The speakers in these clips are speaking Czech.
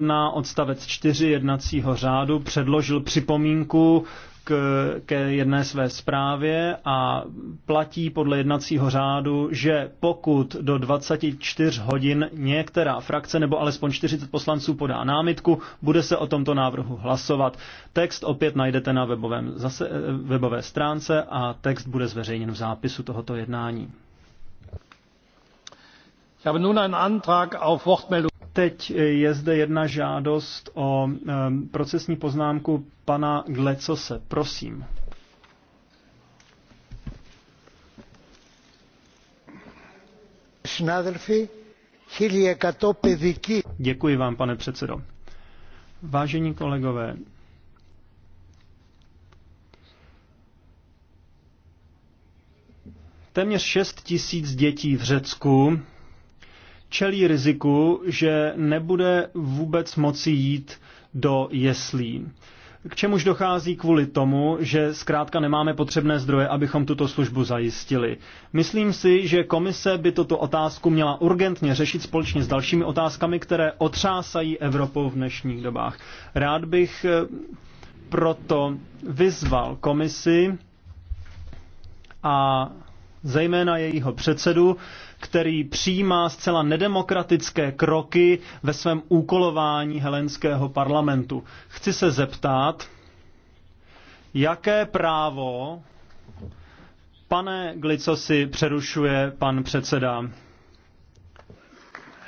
na odstavec 4 jednacího řádu předložil připomínku k, ke jedné své zprávě a platí podle jednacího řádu, že pokud do 24 hodin některá frakce nebo alespoň 40 poslanců podá námitku, bude se o tomto návrhu hlasovat. Text opět najdete na webovém, zase, eh, webové stránce a text bude zveřejněn v zápisu tohoto jednání. Ich habe nun einen Antrag auf Wortmeldung. Teď je zde jedna žádost o procesní poznámku pana Glecose. Prosím. Děkuji vám, pane předsedo. Vážení kolegové, téměř 6 tisíc dětí v Řecku čelí riziku, že nebude vůbec moci jít do jeslí. K čemuž dochází kvůli tomu, že zkrátka nemáme potřebné zdroje, abychom tuto službu zajistili. Myslím si, že komise by tuto otázku měla urgentně řešit společně s dalšími otázkami, které otřásají Evropou v dnešních dobách. Rád bych eh, proto vyzval komisi a zejména jejího předsedu, který přijímá zcela nedemokratické kroky ve svém úkolování helenského parlamentu. Chci se zeptat, jaké právo, pane Glicosi, přerušuje pan předseda?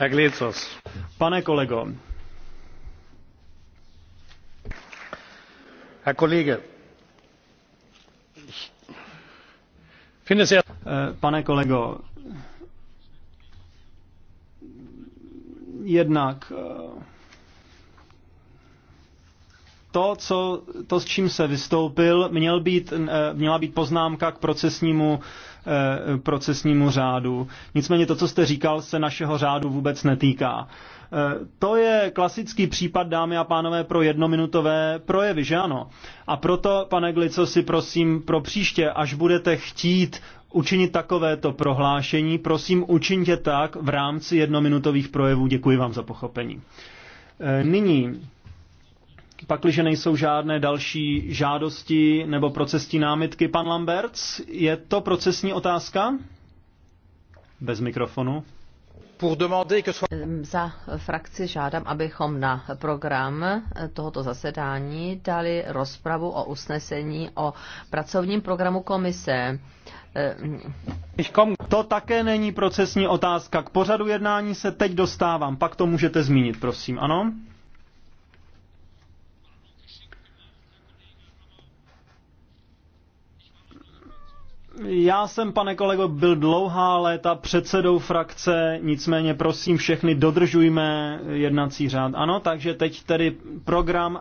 Glicos. Pane kolego. Herr Kollege, Eh, pane kolego, jednak eh, to, co, to, s čím se vystoupil, měl být, eh, měla být poznámka k procesnímu, eh, procesnímu řádu. Nicméně to, co jste říkal, se našeho řádu vůbec netýká. Eh, to je klasický případ, dámy a pánové, pro jednominutové projevy, že ano? A proto, pane Glico, si prosím pro příště, až budete chtít učinit takovéto prohlášení, prosím učiňte tak v rámci jednominutových projevů. Děkuji vám za pochopení. Nyní Pakliže nejsou žádné další žádosti nebo procesní námitky, pan Lamberts, je to procesní otázka? Bez mikrofonu. Za frakci žádám, abychom na program tohoto zasedání dali rozpravu o usnesení o pracovním programu komise. To také není procesní otázka. K pořadu jednání se teď dostávám, pak to můžete zmínit, prosím, ano? Já jsem, pane kolego, byl dlouhá léta předsedou frakce, nicméně prosím všechny, dodržujme jednací řád. Ano, takže teď tedy program